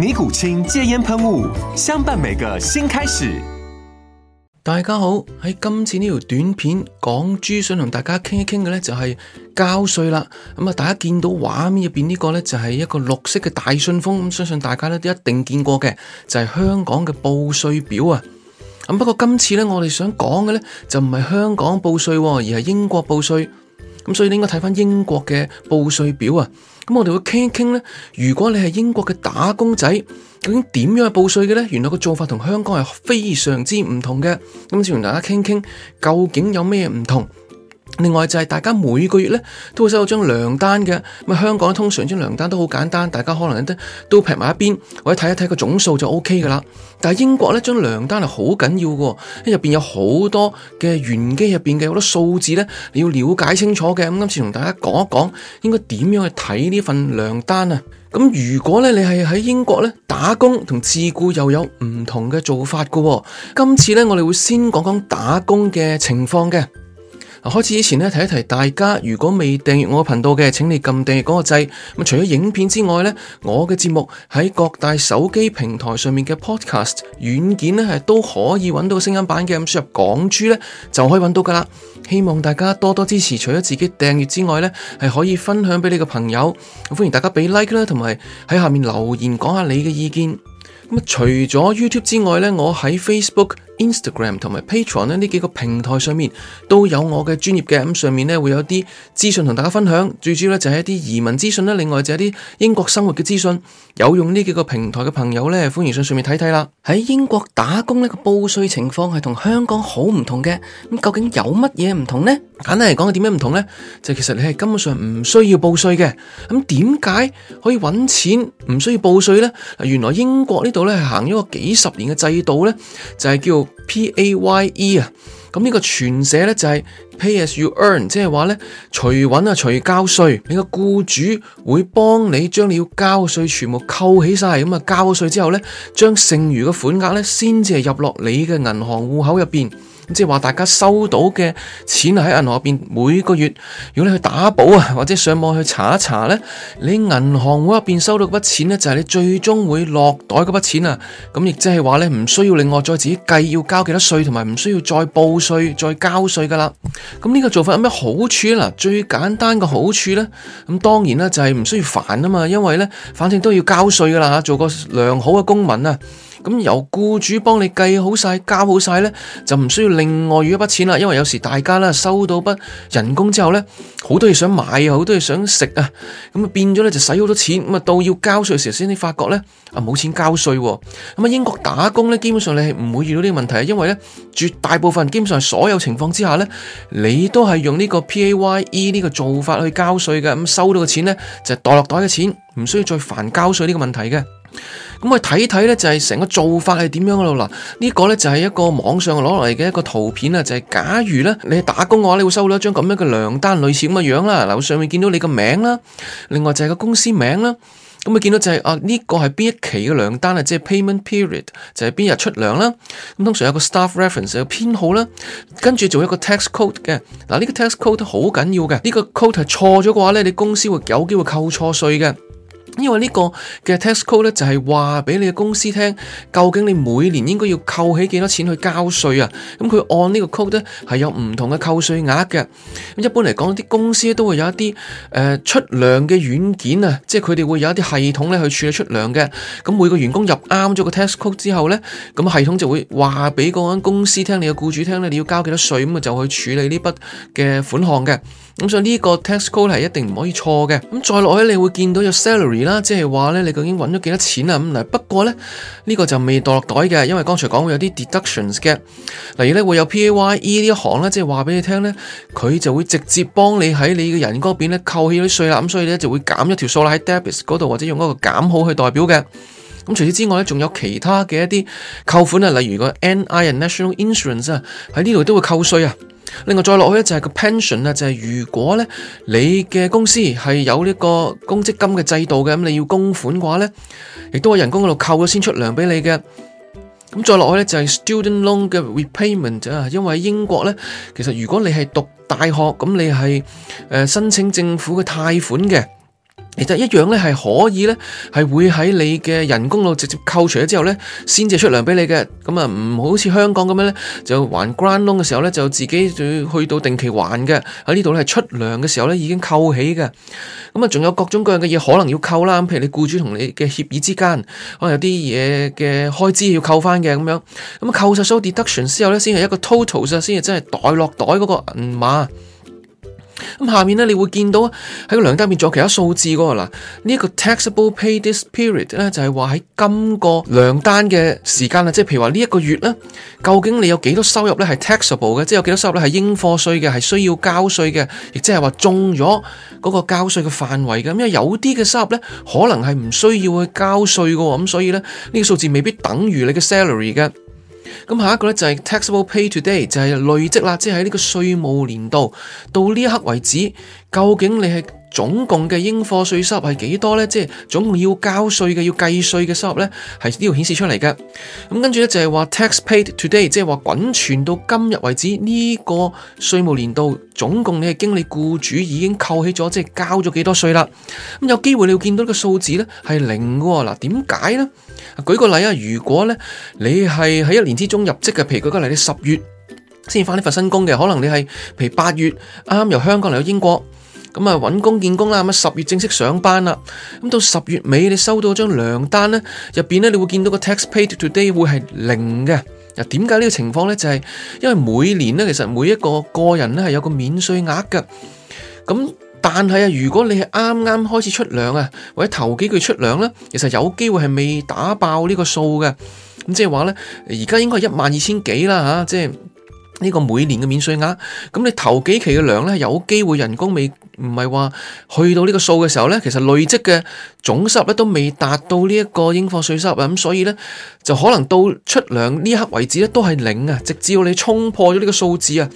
尼古清戒煙噴霧，相伴每個新開始。大家好，喺今次呢條短片講豬想同大家傾一傾嘅咧就係交稅啦。咁啊，大家見到畫面入邊呢個咧就係一個綠色嘅大信封，咁相信大家咧都一定見過嘅，就係香港嘅報稅表啊。咁不過今次咧我哋想講嘅咧就唔係香港報稅，而係英國報稅。咁所以你應該睇翻英國嘅報稅表啊！咁我哋會傾一傾咧，如果你係英國嘅打工仔，究竟點樣去報稅嘅咧？原來個做法同香港係非常之唔同嘅。咁先同大家傾傾，究竟有咩唔同？另外就係大家每個月咧都會收到張糧單嘅，咁香港通常張糧單都好簡單，大家可能咧都劈埋一邊，或者睇一睇個總數就 O K 噶啦。但係英國咧，張糧單係好緊要嘅，因為入面有好多嘅玄機，入面嘅好多數字咧，你要了解清楚嘅。咁今次同大家講一講，應該點樣去睇呢份糧單啊？咁如果咧你係喺英國咧打工同自僱又有唔同嘅做法嘅。今次咧我哋會先講講打工嘅情況嘅。開始以前呢，提一提大家，如果未訂閱我嘅頻道嘅，請你撳訂閱嗰個掣。咁除咗影片之外呢，我嘅節目喺各大手機平台上面嘅 Podcast 軟件呢，係都可以揾到聲音版嘅，咁輸入港珠呢，就可以揾到噶啦。希望大家多多支持，除咗自己訂閱之外呢，係可以分享俾你嘅朋友。歡迎大家俾 like 啦，同埋喺下面留言講下你嘅意見。咁啊，除咗 YouTube 之外呢，我喺 Facebook。Instagram 同埋 Patreon 呢幾個平台上面都有我嘅專業嘅，咁上面呢會有啲資訊同大家分享，最主要呢就係一啲移民資訊啦，另外就係一啲英國生活嘅資訊。有用呢幾個平台嘅朋友呢，歡迎上上面睇睇啦。喺英國打工呢個報稅情況係同香港好唔同嘅，咁究竟有乜嘢唔同呢？簡單嚟講，點樣唔同呢？就其實你係根本上唔需要報稅嘅，咁點解可以搵錢唔需要報稅呢？原來英國呢度呢，係行咗個幾十年嘅制度呢，就係叫。P A Y E 啊，咁呢個全寫咧就係 Pay as you earn，即係話咧隨搵啊隨交稅，你個僱主會幫你將你要交嘅稅全部扣起晒，咁啊交咗稅之後咧，將剩餘嘅款額咧先至係入落你嘅銀行戶口入邊。即係話大家收到嘅錢喺銀行入邊每個月，如果你去打保啊，或者上網去查一查呢，你銀行會入邊收到嗰筆錢呢，就係你最終會落袋嗰筆錢啊。咁亦即係話呢，唔需要另外再自己計要交幾多稅，同埋唔需要再報稅、再交稅噶啦。咁呢個做法有咩好處啊？嗱，最簡單嘅好處呢，咁當然啦，就係唔需要煩啊嘛，因為呢，反正都要交稅噶啦，做個良好嘅公民啊。咁由僱主幫你計好晒、交好晒呢，就唔需要另外預一筆錢啦。因為有時大家收到人工之後呢，好多嘢想買啊，好多嘢想食啊，咁變咗呢，就使好多錢，咁到要交稅嘅時候先發覺呢，冇錢交稅。咁英國打工呢，基本上你係唔會遇到呢個問題啊，因為呢，絕大部分基本上所有情況之下呢，你都係用呢個 PAYE 呢個做法去交稅嘅，咁收到嘅錢呢就袋落袋嘅錢，唔需要再煩交稅呢個問題嘅。咁我睇睇咧就係成個做法係點樣嘅咯。嗱，呢、這個咧就係一個網上攞嚟嘅一個圖片啊，就係、是、假如咧你打工嘅話，你會收到一張咁樣嘅糧單，類似咁嘅樣啦。嗱，上面見到你個名啦，另外就係個公司名啦。咁、就是、啊，見到就係啊呢個係邊一期嘅糧單啊，即、就、係、是、payment period 就係邊日出糧啦。咁通常有個 staff reference 有個編號啦，跟住做一個 tax code 嘅。嗱，呢、這個 tax code 都好緊要嘅，呢、這個 code 係錯咗嘅話咧，你公司會有機會扣錯稅嘅。因為呢個嘅 tax code 咧，就係話俾你嘅公司聽，究竟你每年應該要扣起幾多錢去交稅啊？咁佢按呢個 code 咧，係有唔同嘅扣稅額嘅。咁一般嚟講，啲公司都會有一啲誒、呃、出糧嘅軟件啊，即係佢哋會有一啲系統咧去處理出糧嘅。咁每個員工入啱咗個 tax code 之後咧，咁系統就會話俾嗰間公司聽，你嘅僱主聽咧，你要交幾多稅，咁啊就去處理呢筆嘅款項嘅。咁所以呢個 tax code 係一定唔可以錯嘅。咁再落去，你會見到有 salary 啦，即係話咧，你究竟揾咗幾多錢啊？咁不過咧，呢、這個就未袋落袋嘅，因為剛才講會有啲 deductions 嘅。例如咧，會有 PAYE 呢一行咧，即係話俾你聽咧，佢就會直接幫你喺你嘅人嗰邊咧扣起啲稅啦。咁所以咧就會減一條數啦，喺 debit 嗰度或者用一個減號去代表嘅。咁除此之外咧，仲有其他嘅一啲扣款啊，例如個 NI National Insurance 啊，喺呢度都會扣稅啊。另外再落去呢，就係個 pension 啊，就係如果呢，你嘅公司係有呢個公積金嘅制度嘅，咁你要供款嘅話咧，亦都喺人工嗰度扣咗先出糧畀你嘅。咁再落去咧就係 student loan 嘅 repayment 啊，因為英國咧其實如果你係讀大學，咁你係誒申請政府嘅貸款嘅。其實一樣咧，係可以咧，係會喺你嘅人工度直接扣除咗之後咧，先至出糧俾你嘅。咁啊，唔好似香港咁樣咧，就還 grand loan 嘅時候咧，就自己去到定期還嘅。喺呢度咧，係出糧嘅時候咧，已經扣起嘅。咁啊，仲有各種各樣嘅嘢可能要扣啦。譬如你僱主同你嘅協議之間，可能有啲嘢嘅開支要扣翻嘅咁樣。咁啊，扣晒所有 deduction 之後咧，先係一個 total 先係真係袋落袋嗰個銀碼。咁下面咧，你會見到喺個糧單入面仲有其他數字噶喇。呢一個 taxable pay this period 咧，就係話喺今個糧單嘅時間啦，即係譬如話呢一個月咧，究竟你有幾多收入咧係 taxable 嘅，即係有幾多收入咧係應課稅嘅，係需要交稅嘅，亦即係話中咗嗰個交稅嘅範圍嘅。因為有啲嘅收入咧，可能係唔需要去交稅喎。咁所以咧呢個數字未必等於你嘅 salary 嘅。咁下一個呢，就係 taxable pay today，就係累積啦，即係喺呢個稅務年度到呢一刻為止，究竟你係總共嘅應課稅收入係幾多呢？即係總共要交稅嘅、要計稅嘅收入呢，係呢度顯示出嚟嘅。咁跟住呢，就係、是、話 tax paid today，即係話滾存到今日為止呢、呢個稅務年度總共你係經理僱主已經扣起咗，即係交咗幾多稅啦？咁有機會你會見到呢個數字呢，係零喎。嗱，點解呢？舉個例啊，如果呢，你係喺一年之中入職嘅，譬如舉個例，你十月先返呢份新工嘅，可能你係譬如八月啱啱由香港嚟到英國。咁啊，搵工建工啦，咁啊，十月正式上班啦。咁到十月尾，你收到張糧單咧，入邊咧，你會見到個 tax paid today 會係零嘅。嗱，點解呢個情況咧？就係、是、因為每年咧，其實每一個個人咧係有個免稅額嘅。咁但係啊，如果你係啱啱開始出糧啊，或者頭幾個月出糧咧，其實有機會係未打爆呢個數嘅。咁即係話咧，而家應該係一萬二千幾啦，吓，即係。呢個每年嘅免稅額，咁你頭幾期嘅糧呢，有機會人工未唔係話去到呢個數嘅時候呢，其實累積嘅總收入都未達到呢一個應課稅收入，咁所以呢，就可能到出糧呢刻為止呢都係零啊！直至到你衝破咗呢個數字啊，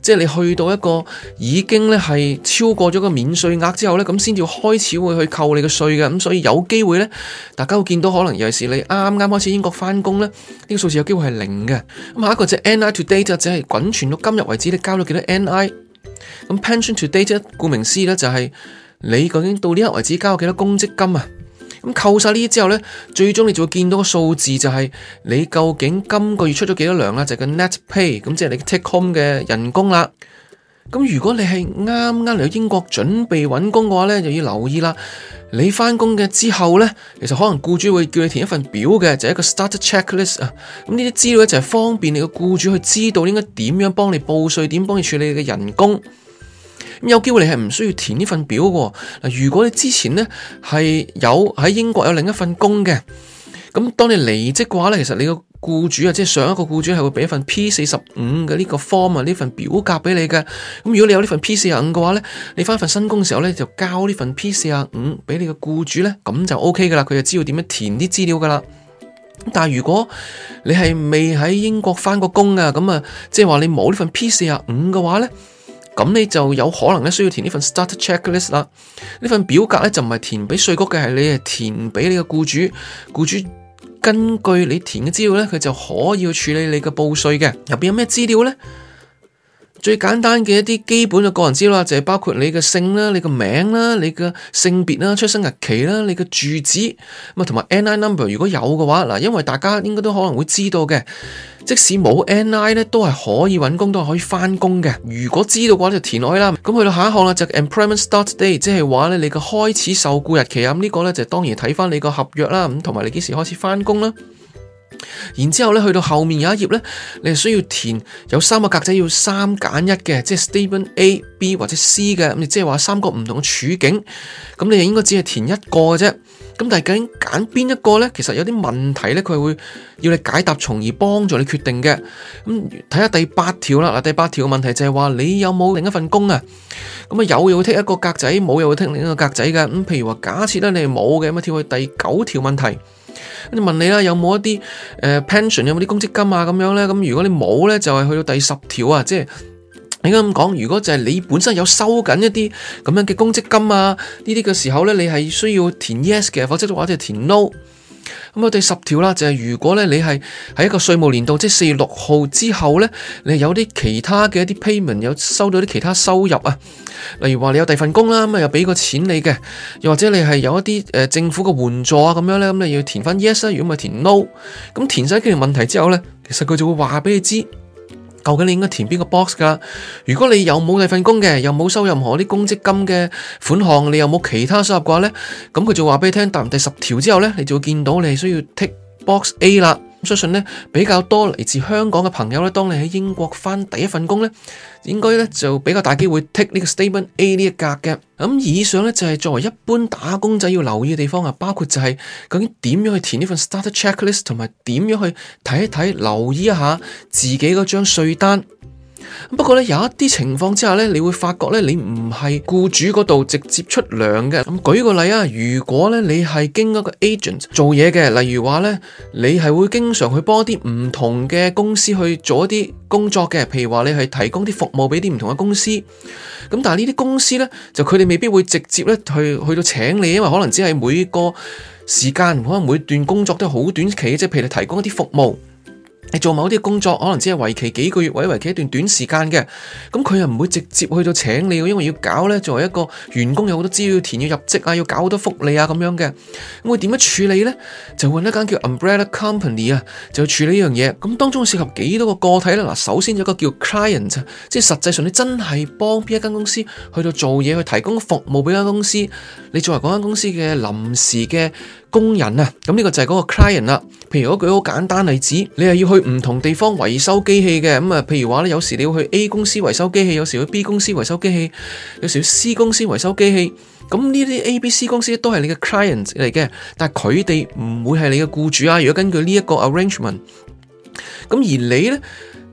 即係你去到一個已經呢係超過咗個免稅額之後呢，咁先至開始會去扣你嘅稅嘅。咁所以有機會呢，大家會見到可能尤其是你啱啱開始英國翻工呢，呢個數字有機會係零嘅。下一個就 N I Today 就係滾存到今日為止，你交咗幾多 NI？咁 pension to date 顧名思義咧就係、是、你究竟到呢一日為止交咗幾多公積金啊？咁扣晒呢啲之後咧，最終你就會見到個數字，就係你究竟今個月出咗幾多糧啦？就係個、是、net pay，咁即係你嘅 take home 嘅人工啦。咁如果你係啱啱嚟到英國準備揾工嘅話呢，就要留意啦。你翻工嘅之後呢，其實可能僱主會叫你填一份表嘅，就係、一個 starter checklist 啊。咁呢啲資料呢，就係、是、方便你個僱主去知道應該點樣幫你報稅，點幫你處理你嘅人工。咁有機會你係唔需要填呢份表嘅。嗱，如果你之前呢係有喺英國有另一份工嘅，咁當你離職嘅話呢，其實你個。僱主啊，即係上一個僱主係會俾一份 P 四十五嘅呢個 form 啊，呢份表格俾你嘅。咁如果你有呢份 P 四十五嘅話呢，你翻份新工嘅時候呢，就交呢份 P 四十五俾你嘅僱主呢，咁就 OK 噶啦，佢就知道點樣填啲資料噶啦。但係如果你係未喺英國翻過工啊，咁啊，即係話你冇呢份 P 四十五嘅話呢，咁你就有可能咧需要填呢份 Start Checklist 啦。呢份表格呢，就唔係填俾稅局嘅，係你係填俾你嘅僱主，僱主。根據你填嘅資料咧，佢就可以處理你嘅報稅嘅。入邊有咩資料咧？最簡單嘅一啲基本嘅個人資料就係包括你嘅姓啦、你嘅名啦、你嘅性別啦、出生日期啦、你嘅住址咁啊，同埋 NI number 如果有嘅話嗱，因為大家應該都可能會知道嘅，即使冇 NI 咧都係可以搵工，都係可以翻工嘅。如果知道嘅話就填落去啦。咁去到下一項啦，就係 employment start day，即係話咧你嘅開始受僱日期啊。咁呢個咧就當然睇翻你個合約啦，咁同埋你幾時開始翻工啦。然之後咧，去到後面有一頁咧，你係需要填有三個格仔，要三揀一嘅，即係 statement A、B 或者 C 嘅，咁即係話三個唔同嘅處境，咁你應應該只係填一個嘅啫。咁但係究竟揀邊一個咧？其實有啲問題咧，佢會會要你解答，從而幫助你決定嘅。咁睇下第八條啦。嗱，第八條嘅問題就係話你有冇另一份工啊？咁啊有又會剔一個格仔，冇又會剔另一個格仔嘅。咁譬如話假設咧你係冇嘅，咁跳去第九條問題。跟住問你啦，有冇一啲誒 pension，有冇啲公積金啊咁樣咧？咁如果你冇咧，就係去到第十條啊，即係應該咁講。如果就係你本身有收緊一啲咁樣嘅公積金啊呢啲嘅時候咧，你係需要填 yes 嘅，否則嘅話就填 no。咁啊，第十條啦，就係如果咧，你係喺一個稅務年度，即係四月六號之後咧，你有啲其他嘅一啲 payment，有收到啲其他收入啊，例如話你有第二份工啦，咁啊又俾個錢你嘅，又或者你係有一啲誒政府嘅援助啊咁樣咧，咁你要填翻 yes，如果咪填 no，咁填晒佢嘅問題之後咧，其實佢就會話俾你知。究竟你應該填邊個 box 㗎？如果你又冇第份工嘅，又冇收任何啲公積金嘅款項，你又冇其他收入嘅話呢，咁佢就話俾你聽答完第十條之後呢，你就會見到你需要 tick box A 啦。相信呢，比較多嚟自香港嘅朋友呢，當你喺英國返第一份工呢，應該呢就比較大機會 take 呢個 statement A 呢一格嘅。咁以上呢，就係作為一般打工仔要留意嘅地方啊，包括就係究竟點樣去填呢份 starter checklist，同埋點樣去睇一睇、留意一下自己嗰張稅單。不過咧有一啲情況之下咧，你會發覺咧，你唔係僱主嗰度直接出糧嘅。咁舉個例啊，如果咧你係經一個 agent 做嘢嘅，例如話咧，你係會經常去幫啲唔同嘅公司去做一啲工作嘅，譬如話你係提供啲服務俾啲唔同嘅公司。咁但係呢啲公司咧，就佢哋未必會直接咧去去到請你，因為可能只係每個時間，可能每段工作都好短期，即係譬如你提供一啲服務。你做某啲工作，可能只係為期幾個月，或者為期一段短時間嘅，咁佢又唔會直接去到請你，因為要搞呢。作為一個員工有好多資料填，要入職啊，要搞好多福利啊咁樣嘅，會點樣處理呢？就揾一間叫 Umbrella Company 啊，就去處理呢樣嘢。咁當中涉及幾多個個體呢？嗱，首先有一個叫 Client，即係實際上你真係幫邊一間公司去到做嘢，去提供服務俾間公司，你作為嗰間公司嘅臨時嘅。工人啊，咁呢個就係嗰個 client 啦。譬如我舉個簡單例子，你係要去唔同地方維修機器嘅，咁啊，譬如話咧，有時你要去 A 公司維修機器，有時去 B 公司維修機器，有時去 C 公司維修機器，咁呢啲 A、B、C 公司都係你嘅 client 嚟嘅，但係佢哋唔會係你嘅僱主啊。如果根據呢一個 arrangement，咁而你呢。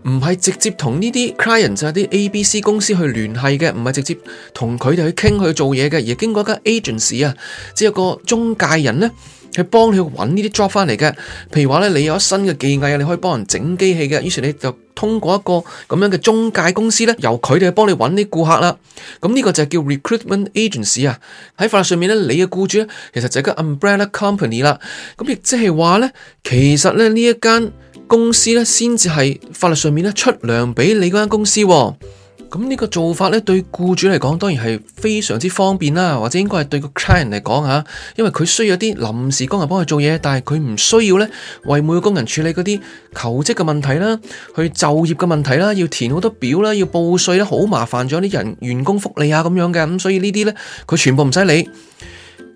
唔係直接同呢啲 client 就係啲 ABC 公司去聯繫嘅，唔係直接同佢哋去傾去做嘢嘅，而經過一間 agency 啊，即係個中介人咧，去幫你去揾呢啲 job 翻嚟嘅。譬如話咧，你有一新嘅技藝啊，你可以幫人整機器嘅，於是你就通過一個咁樣嘅中介公司咧，由佢哋去幫你揾啲顧客啦。咁呢個就係叫 recruitment agency 啊。喺法律上面咧，你嘅僱主咧，其實就係個 umbrella company 啦。咁亦即係話咧，其實咧呢一間。公司咧先至係法律上面咧出糧俾你嗰間公司，咁呢個做法咧對僱主嚟講當然係非常之方便啦，或者應該係對個 client 嚟講吓，因為佢需要啲臨時工人幫佢做嘢，但係佢唔需要咧為每個工人處理嗰啲求職嘅問題啦，去就業嘅問題啦，要填好多表啦，要報稅啦，好麻煩咗啲人員工福利啊咁樣嘅，咁所以呢啲咧佢全部唔使理。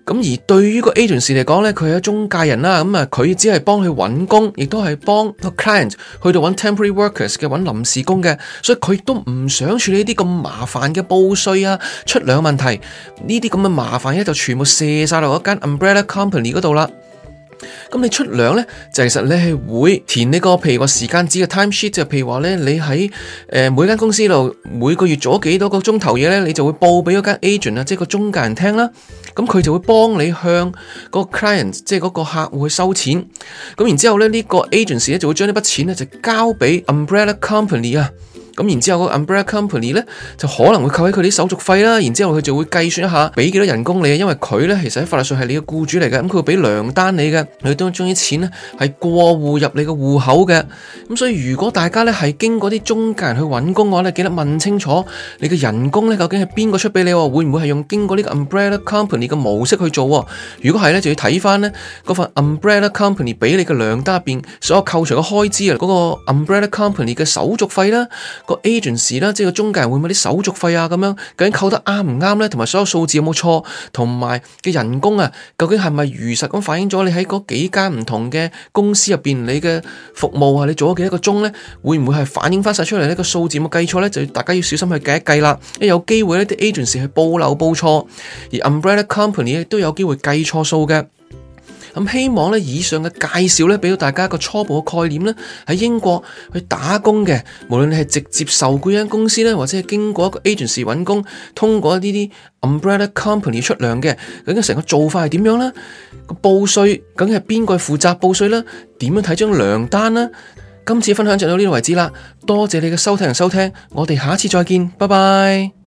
咁而對於個 agent 嚟講咧，佢係一中介人啦，咁啊佢只係幫佢揾工，亦都係幫個 client 去到揾 temporary workers 嘅揾臨時工嘅，所以佢都唔想處理啲咁麻煩嘅報稅啊、出糧問題呢啲咁嘅麻煩呢，就全部卸晒落一間 umbrella company 嗰度啦。咁你出糧咧，就其實你係會填呢個譬如個時間紙嘅 time sheet，就譬如話咧，你喺誒每間公司度每個月做幾多個鐘頭嘢咧，你就會報俾嗰間 agent 啊，即係個中介人聽啦。咁佢就會幫你向個 client，即係嗰個客戶去收錢。咁然之後咧，呢個 agent 咧就會將呢筆錢咧就交俾 umbrella company 啊。咁然之後個 umbrella company 咧，就可能會扣喺佢啲手續費啦。然之後佢就會計算一下，俾幾多人工你。因為佢咧其實喺法律上係你嘅雇主嚟嘅，咁佢會俾糧單你嘅，你都將啲錢咧係過戶入你嘅戶口嘅。咁所以如果大家咧係經過啲中介人去揾工嘅話咧，你記得問清楚你嘅人工咧究竟係邊個出俾你喎？會唔會係用經過呢個 umbrella company 嘅模式去做？如果係咧，就要睇翻咧份 umbrella company 俾你嘅糧單入邊所有扣除嘅開支啊，嗰個 umbrella company 嘅手續費啦。個 agency 啦，即係個中介人會唔會啲手續費啊咁樣，究竟扣得啱唔啱咧？同埋所有數字有冇錯？同埋嘅人工啊，究竟係咪如實咁反映咗你喺嗰幾間唔同嘅公司入面你嘅服務啊？你做咗幾多個鐘咧？會唔會係反映翻晒出嚟，呢個數字有冇計錯咧？就大家要小心去計一計啦。一有機會咧，啲 agency 去報漏報錯，而 umbrella company 都有機會計錯數嘅。咁希望咧，以上嘅介紹咧，俾到大家一個初步嘅概念咧，喺英國去打工嘅，無論你係直接受雇一間公司咧，或者係經過一個 agency 揾工，通過一啲啲 umbrella company 出糧嘅，究竟成個做法係點樣咧？個報稅，究竟係邊個負責報稅咧？點樣睇張糧單呢？今次分享就到呢度為止啦，多謝你嘅收聽同收聽，我哋下次再見，拜拜。